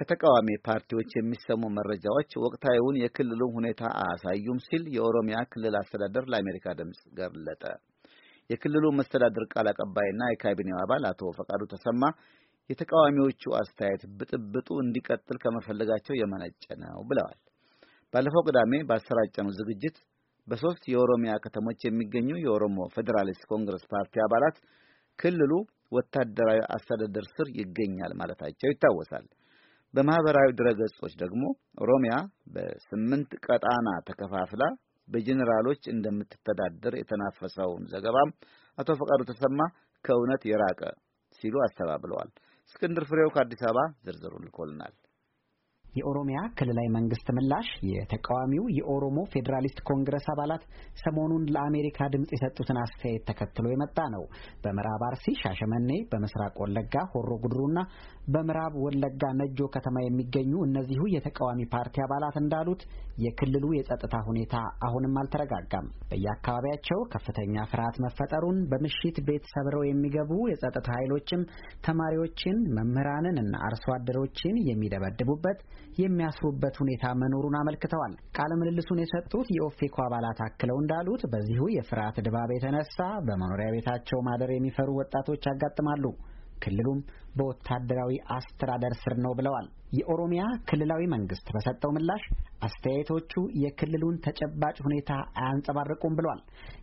ከተቃዋሚ ፓርቲዎች የሚሰሙ መረጃዎች ወቅታዊውን የክልሉን ሁኔታ አያሳዩም ሲል የኦሮሚያ ክልል አስተዳደር ለአሜሪካ ድምፅ ገለጠ። የክልሉ መስተዳድር ቃል አቀባይና የካቢኔው አባል አቶ ፈቃዱ ተሰማ የተቃዋሚዎቹ አስተያየት ብጥብጡ እንዲቀጥል ከመፈለጋቸው የመነጨ ነው ብለዋል። ባለፈው ቅዳሜ ባሰራጨነው ዝግጅት በሦስት የኦሮሚያ ከተሞች የሚገኙ የኦሮሞ ፌዴራሊስት ኮንግረስ ፓርቲ አባላት ክልሉ ወታደራዊ አስተዳደር ስር ይገኛል ማለታቸው ይታወሳል። በማህበራዊ ድረገጾች ደግሞ ኦሮሚያ በስምንት ቀጣና ተከፋፍላ በጀኔራሎች እንደምትተዳደር የተናፈሰውን ዘገባም አቶ ፈቃዱ ተሰማ ከእውነት የራቀ ሲሉ አስተባብለዋል። እስክንድር ፍሬው ከአዲስ አበባ ዝርዝሩ ልኮልናል። የኦሮሚያ ክልላዊ መንግስት ምላሽ የተቃዋሚው የኦሮሞ ፌዴራሊስት ኮንግረስ አባላት ሰሞኑን ለአሜሪካ ድምፅ የሰጡትን አስተያየት ተከትሎ የመጣ ነው። በምዕራብ አርሲ ሻሸመኔ፣ በምስራቅ ወለጋ ሆሮ ጉድሩና በምዕራብ ወለጋ ነጆ ከተማ የሚገኙ እነዚሁ የተቃዋሚ ፓርቲ አባላት እንዳሉት የክልሉ የጸጥታ ሁኔታ አሁንም አልተረጋጋም። በየአካባቢያቸው ከፍተኛ ፍርሃት መፈጠሩን፣ በምሽት ቤት ሰብረው የሚገቡ የጸጥታ ኃይሎችም ተማሪዎችን፣ መምህራንን እና አርሶ አደሮችን የሚደበድቡበት የሚያስሩበት ሁኔታ መኖሩን አመልክተዋል። ቃለ ምልልሱን የሰጡት የኦፌኮ አባላት አክለው እንዳሉት በዚሁ የፍርሃት ድባብ የተነሳ በመኖሪያ ቤታቸው ማደር የሚፈሩ ወጣቶች ያጋጥማሉ። ክልሉም በወታደራዊ አስተዳደር ስር ነው ብለዋል። የኦሮሚያ ክልላዊ መንግስት በሰጠው ምላሽ አስተያየቶቹ የክልሉን ተጨባጭ ሁኔታ አያንጸባርቁም ብሏል።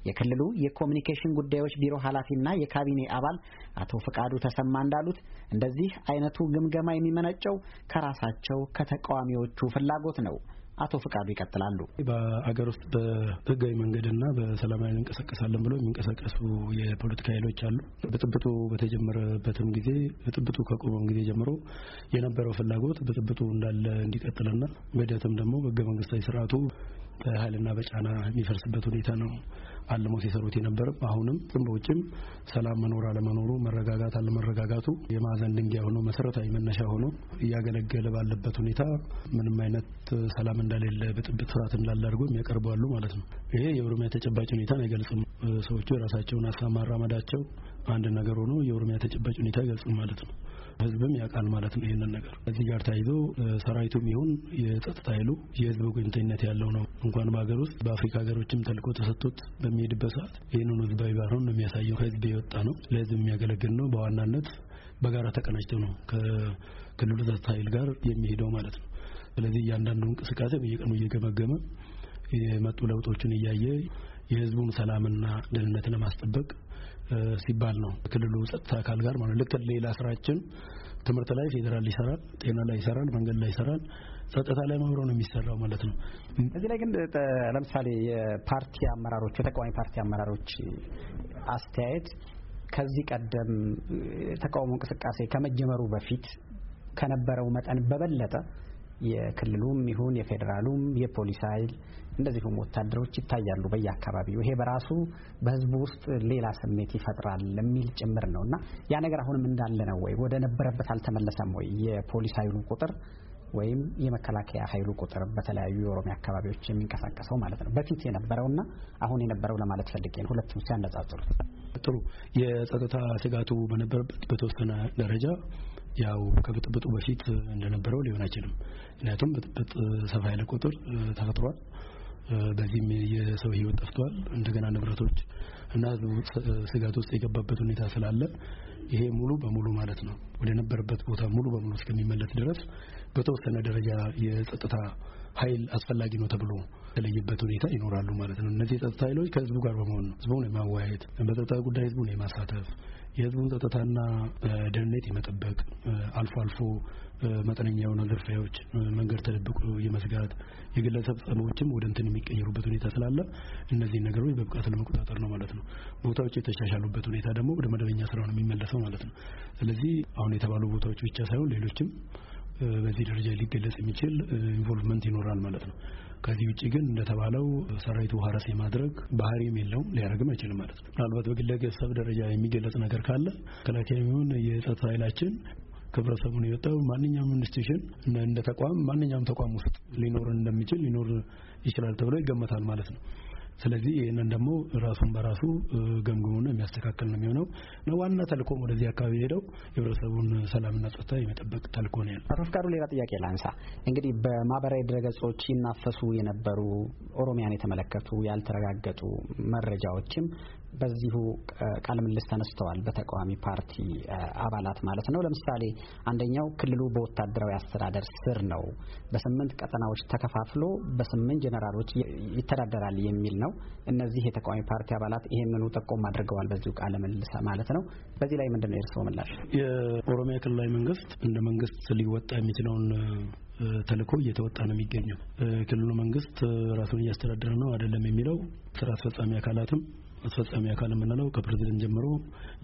የክልሉ የኮሚኒኬሽን ጉዳዮች ቢሮ ኃላፊና የካቢኔ አባል አቶ ፍቃዱ ተሰማ እንዳሉት እንደዚህ አይነቱ ግምገማ የሚመነጨው ከራሳቸው ከተቃዋሚዎቹ ፍላጎት ነው። አቶ ፍቃዱ ይቀጥላሉ። በአገር ውስጥ በህጋዊ መንገድና በሰላማዊ እንቀሳቀሳለን ብሎ የሚንቀሳቀሱ የፖለቲካ ኃይሎች አሉ። ብጥብጡ በተጀመረበትም ጊዜ ብጥብጡ ከቆመም ጊዜ ጀምሮ የነበረው ፍላጎት ብጥብጡ እንዳለ እንዲቀጥልና በሂደትም ደግሞ በህገ መንግስታዊ ስርዓቱ በኃይልና በጫና የሚፈርስበት ሁኔታ ነው አልመው ሲሰሩት የነበረም አሁንም ጥም በውጭም ሰላም መኖር አለመኖሩ፣ መረጋጋት አለመረጋጋቱ የማዕዘን ድንጋይ ሆኖ መሰረታዊ መነሻ ሆኖ እያገለገለ ባለበት ሁኔታ ምንም አይነት ሰላም እንደሌለ፣ ብጥብጥ፣ ስርዓት እንዳለ አድርጎ የሚያቀርባሉ ማለት ነው። ይሄ የኦሮሚያ ተጨባጭ ሁኔታን አይገልጽም። ሰዎቹ የራሳቸውን ሀሳብ ማራመዳቸው አንድ ነገር ሆኖ የኦሮሚያ ተጨባጭ ሁኔታ አይገልጽም ማለት ነው። ህዝብም ያውቃል ማለት ነው። ይህንን ነገር ከዚህ ጋር ተያይዞ ሰራዊቱም ይሁን የጸጥታ ኃይሉ የህዝብ ወገንተኝነት ያለው ነው። እንኳን በሀገር ውስጥ በአፍሪካ ሀገሮችም ተልዕኮ ተሰጥቶት በሚሄድበት ሰዓት ይህንን ህዝባዊ ባህሩን ነው የሚያሳየው። ከህዝብ የወጣ ነው፣ ለህዝብ የሚያገለግል ነው። በዋናነት በጋራ ተቀናጅቶ ነው ከክልሉ ጸጥታ ኃይል ጋር የሚሄደው ማለት ነው። ስለዚህ እያንዳንዱ እንቅስቃሴ በየቀኑ እየገመገመ የመጡ ለውጦችን እያየ የህዝቡን ሰላምና ደህንነት ለማስጠበቅ ሲባል ነው ክልሉ ጸጥታ አካል ጋር ማለት ልክ ሌላ ስራችን ትምህርት ላይ ፌዴራል ይሰራል፣ ጤና ላይ ይሰራል፣ መንገድ ላይ ይሰራል፣ ጸጥታ ላይ መምሮ ነው የሚሰራው ማለት ነው። እዚህ ላይ ግን ለምሳሌ የፓርቲ አመራሮች የተቃዋሚ ፓርቲ አመራሮች አስተያየት ከዚህ ቀደም ተቃውሞ እንቅስቃሴ ከመጀመሩ በፊት ከነበረው መጠን በበለጠ የክልሉም ይሁን የፌዴራሉም የፖሊስ ኃይል እንደዚሁም ወታደሮች ይታያሉ በየአካባቢው። ይሄ በራሱ በህዝቡ ውስጥ ሌላ ስሜት ይፈጥራል የሚል ጭምር ነው እና ያ ነገር አሁንም እንዳለ ነው ወይ? ወደ ነበረበት አልተመለሰም ወይ? የፖሊስ ኃይሉ ቁጥር ወይም የመከላከያ ኃይሉ ቁጥር በተለያዩ የኦሮሚያ አካባቢዎች የሚንቀሳቀሰው ማለት ነው በፊት የነበረውና አሁን የነበረው ለማለት ፈልጌ ነው። ሁለቱም ሲያነጻጽሩት ጥሩ የጸጥታ ስጋቱ በነበረበት በተወሰነ ደረጃ ያው ከብጥብጡ በፊት እንደነበረው ሊሆን አይችልም። ምክንያቱም ብጥብጥ ሰፋ ያለ ቁጥር ተፈጥሯል። በዚህም የሰው ሕይወት ጠፍቷል። እንደገና ንብረቶች እና ስጋት ውስጥ የገባበት ሁኔታ ስላለ ይሄ ሙሉ በሙሉ ማለት ነው ወደ ነበረበት ቦታ ሙሉ በሙሉ እስከሚመለስ ድረስ በተወሰነ ደረጃ የጸጥታ ኃይል አስፈላጊ ነው ተብሎ የተለየበት ሁኔታ ይኖራሉ ማለት ነው። እነዚህ የጸጥታ ኃይሎች ከህዝቡ ጋር በመሆን ነው ህዝቡን የማወያየት በጸጥታ ጉዳይ ህዝቡን የማሳተፍ የህዝቡን ጸጥታና ደህንነት የመጠበቅ አልፎ አልፎ መጠነኛ የሆነ ዝርፊያዎች፣ መንገድ ተደብቆ የመዝጋት የግለሰብ ጸቦችም ወደ እንትን የሚቀየሩበት ሁኔታ ስላለ እነዚህን ነገሮች በብቃት ለመቆጣጠር ነው ማለት ነው። ቦታዎች የተሻሻሉበት ሁኔታ ደግሞ ወደ መደበኛ ስራ ነው የሚመለሰው የሚደርሰው ማለት ነው። ስለዚህ አሁን የተባሉ ቦታዎች ብቻ ሳይሆን ሌሎችም በዚህ ደረጃ ሊገለጽ የሚችል ኢንቮልቭመንት ይኖራል ማለት ነው። ከዚህ ውጭ ግን እንደተባለው ሰራዊቱ ሀረስ የማድረግ ባህሪም የለውም ሊያደርግም አይችልም ማለት ነው። ምናልባት በግለሰብ ደረጃ የሚገለጽ ነገር ካለ መከላከያ የሚሆን የጸጥታ ኃይላችን ከህብረተሰቡን የወጣው ማንኛውም ኢንስቲትዩሽን እንደ ተቋም ማንኛውም ተቋም ውስጥ ሊኖር እንደሚችል ሊኖር ይችላል ተብሎ ይገመታል ማለት ነው። ስለዚህ ይህንን ደግሞ ራሱን በራሱ ገምግሞና የሚያስተካከል ነው የሚሆነው ነው ዋና ተልኮም ወደዚህ አካባቢ ሄደው የህብረተሰቡን ሰላምና ጸጥታ የመጠበቅ ተልኮ ነው ያለው። ፍቃዱ ሌላ ጥያቄ ላንሳ። እንግዲህ በማህበራዊ ድረገጾች ይናፈሱ የነበሩ ኦሮሚያን የተመለከቱ ያልተረጋገጡ መረጃዎችም በዚሁ ቃለ ምልልስ ተነስተዋል። በተቃዋሚ ፓርቲ አባላት ማለት ነው። ለምሳሌ አንደኛው ክልሉ በወታደራዊ አስተዳደር ስር ነው፣ በስምንት ቀጠናዎች ተከፋፍሎ በስምንት ጀኔራሎች ይተዳደራል የሚል ነው። ነው። እነዚህ የተቃዋሚ ፓርቲ አባላት ይህንኑ ጠቆም አድርገዋል በዚሁ ቃለ ምልልስ ማለት ነው። በዚህ ላይ ምንድን ነው የእርስዎ ምላሽ? የኦሮሚያ ክልላዊ መንግስት እንደ መንግስት ሊወጣ የሚችለውን ተልእኮ እየተወጣ ነው የሚገኘው። ክልሉ መንግስት ራሱን እያስተዳደረ ነው አይደለም የሚለው ስራ አስፈጻሚ አካላትም አስፈጻሚ አካል የምንለው ከፕሬዚደንት ጀምሮ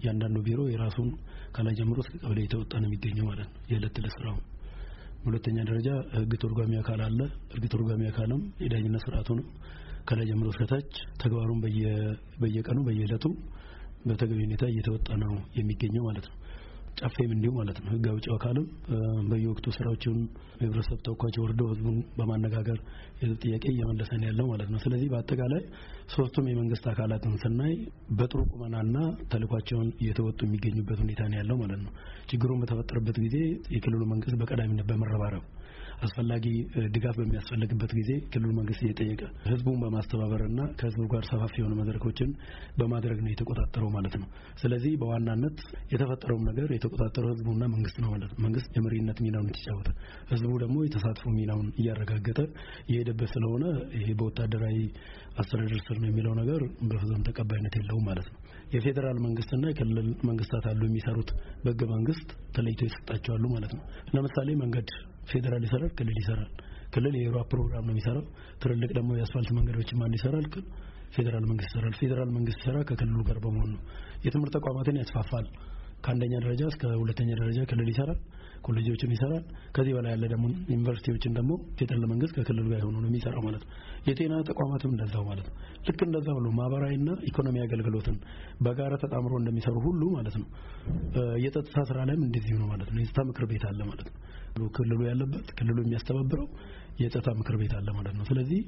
እያንዳንዱ ቢሮ የራሱን ከላይ ጀምሮ እስከ ቀበሌ እየተወጣ ነው የሚገኘው ማለት ነው የዕለት ዕለት ስራው። ሁለተኛ ደረጃ ህግ ተርጓሚ አካል አለ። ህግ ተርጓሚ አካልም የዳኝነት ስርዓቱ ነው። ከላይ ጀምሮ እስከታች ተግባሩን በየቀኑ በየዕለቱ በተገቢ ሁኔታ እየተወጣ ነው የሚገኘው ማለት ነው። ጨፌም እንዲሁ ማለት ነው። ህግ አውጪው አካልም በየወቅቱ ስራዎችን ህብረተሰብ ተወካዮች ወርዶ ህዝቡን በማነጋገር የህዝብ ጥያቄ እየመለሰ ነው ያለው ማለት ነው። ስለዚህ በአጠቃላይ ሶስቱም የመንግስት አካላትን ስናይ በጥሩ ቁመናና ተልኳቸውን እየተወጡ የሚገኙበት ሁኔታ ነው ያለው ማለት ነው። ችግሩን በተፈጠረበት ጊዜ የክልሉ መንግስት በቀዳሚነት በመረባረብ አስፈላጊ ድጋፍ በሚያስፈልግበት ጊዜ ክልሉ መንግስት እየጠየቀ ህዝቡን በማስተባበርና ከህዝቡ ጋር ሰፋፊ የሆኑ መድረኮችን በማድረግ ነው የተቆጣጠረው ማለት ነው። ስለዚህ በዋናነት የተፈጠረውም ነገር የተቆጣጠረው ህዝቡና መንግስት ነው ማለት ነው። መንግስት የመሪነት ሚናውን የተጫወተ፣ ህዝቡ ደግሞ የተሳትፎ ሚናውን እያረጋገጠ የሄደበት ስለሆነ ይሄ በወታደራዊ አስተዳደር ስር ነው የሚለው ነገር በፍጹም ተቀባይነት የለውም ማለት ነው። የፌዴራል መንግስትና የክልል መንግስታት አሉ የሚሰሩት በህገ መንግስት ተለይቶ ይሰጣቸዋሉ ማለት ነው። ለምሳሌ መንገድ ፌዴራል ይሰራል፣ ክልል ይሰራል። ክልል የዩሮ ፕሮግራም ነው የሚሰራው። ትልልቅ ደግሞ የአስፋልት መንገዶችን ማን ይሰራል፣ ግን ፌዴራል መንግስት ይሰራል። ፌዴራል መንግስት ይሰራ ከክልሉ ጋር በመሆን ነው። የትምህርት ተቋማትን ያስፋፋል። ከአንደኛ ደረጃ እስከ ሁለተኛ ደረጃ ክልል ይሰራል። ኮሌጆችን ይሰራል። ከዚህ በላይ ያለ ደግሞ ዩኒቨርሲቲዎችን ደግሞ ፌደራል መንግስት ከክልል ጋር ሆኖ ነው የሚሰራው ማለት ነው። የጤና ተቋማትም እንደዛው ማለት ነው። ልክ እንደዛ ብሎ ማህበራዊና ኢኮኖሚ አገልግሎትን በጋራ ተጣምሮ እንደሚሰሩ ሁሉ ማለት ነው። የጸጥታ ስራ ላይም እንደዚህ ነው ማለት ነው። የጸጥታ ምክር ቤት አለ ማለት ነው። ክልሉ ያለበት ክልሉ የሚያስተባብረው የጸጥታ ምክር ቤት አለ ማለት ነው። ስለዚህ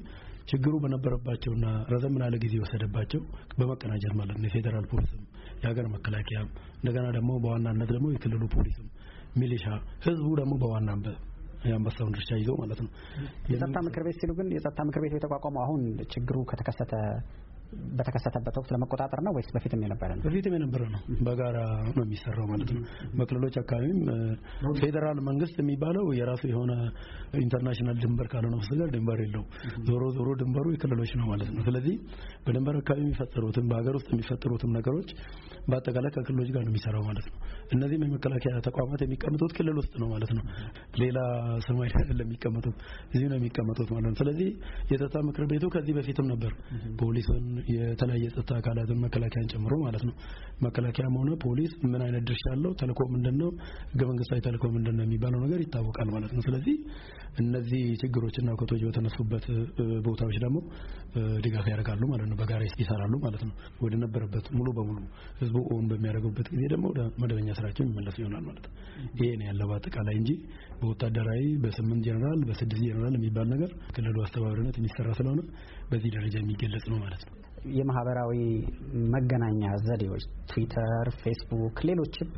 ችግሩ በነበረባቸውና ረዘም ላለ ጊዜ የወሰደባቸው በመቀናጀት ማለት ነው የፌዴራል ፖሊስም የሀገር መከላከያም እንደገና ደግሞ በዋናነት ደግሞ የክልሉ ፖሊስም ሚሊሻ፣ ህዝቡ ደግሞ በዋና የአንበሳውን ድርሻ ይዞ ማለት ነው። የጸጥታ ምክር ቤት ሲሉ ግን የጸጥታ ምክር ቤት የተቋቋመው አሁን ችግሩ ከተከሰተ በተከሰተበት ወቅት ለመቆጣጠር ነው ወይስ በፊትም የነበረ ነው? በፊትም የነበረ ነው። በጋራ ነው የሚሰራው ማለት ነው። በክልሎች አካባቢም ፌዴራል መንግስት የሚባለው የራሱ የሆነ ኢንተርናሽናል ድንበር ካልሆነ በስተቀር ድንበር የለው። ዞሮ ዞሮ ድንበሩ የክልሎች ነው ማለት ነው። ስለዚህ በድንበር አካባቢ የሚፈጠሩትም በሀገር ውስጥ የሚፈጠሩትም ነገሮች በአጠቃላይ ከክልሎች ጋር ነው የሚሰራው ማለት ነው። እነዚህም የመከላከያ ተቋማት የሚቀመጡት ክልል ውስጥ ነው ማለት ነው። ሌላ ሰማይ አይደለም የሚቀመጡት፣ እዚህ ነው የሚቀመጡት ማለት ነው። ስለዚህ የጸጥታ ምክር ቤቱ ከዚህ በፊትም ነበር ፖሊስን የተለያየ የጸጥታ አካላትን መከላከያን ጨምሮ ማለት ነው። መከላከያም ሆነ ፖሊስ ምን አይነት ድርሻ አለው፣ ተልእኮ ምንድን ነው፣ ህገ መንግስታዊ ተልእኮ ምንድን ነው የሚባለው ነገር ይታወቃል ማለት ነው። ስለዚህ እነዚህ ችግሮችና እውከቶች በተነሱበት ቦታዎች ደግሞ ድጋፍ ያደርጋሉ ማለት ነው። በጋራ ይሰራሉ ማለት ነው። ወደ ነበረበት ሙሉ በሙሉ ህዝቡ ኦን በሚያደርጉበት ጊዜ ደግሞ መደበኛ ስራቸው የሚመለሱ ይሆናል ማለት ነው። ይሄ ነው ያለው በአጠቃላይ እንጂ በወታደራዊ በስምንት ጀነራል በስድስት ጀነራል የሚባል ነገር ክልሉ አስተባባሪነት የሚሰራ ስለሆነ በዚህ ደረጃ የሚገለጽ ነው ማለት ነው። የማህበራዊ መገናኛ ዘዴዎች ትዊተር፣ ፌስቡክ፣ ሌሎችም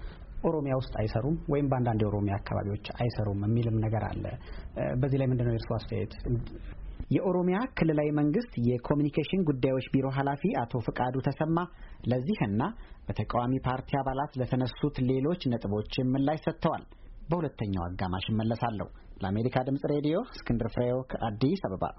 ኦሮሚያ ውስጥ አይሰሩም ወይም በአንዳንድ የኦሮሚያ አካባቢዎች አይሰሩም የሚልም ነገር አለ። በዚህ ላይ ምንድነው የእርሱ አስተያየት? የኦሮሚያ ክልላዊ መንግስት የኮሚኒኬሽን ጉዳዮች ቢሮ ኃላፊ አቶ ፍቃዱ ተሰማ ለዚህና በተቃዋሚ ፓርቲ አባላት ለተነሱት ሌሎች ነጥቦች ምላሽ ሰጥተዋል። በሁለተኛው አጋማሽ እመለሳለሁ። ለአሜሪካ ድምጽ ሬዲዮ እስክንድር ፍሬው ከአዲስ አበባ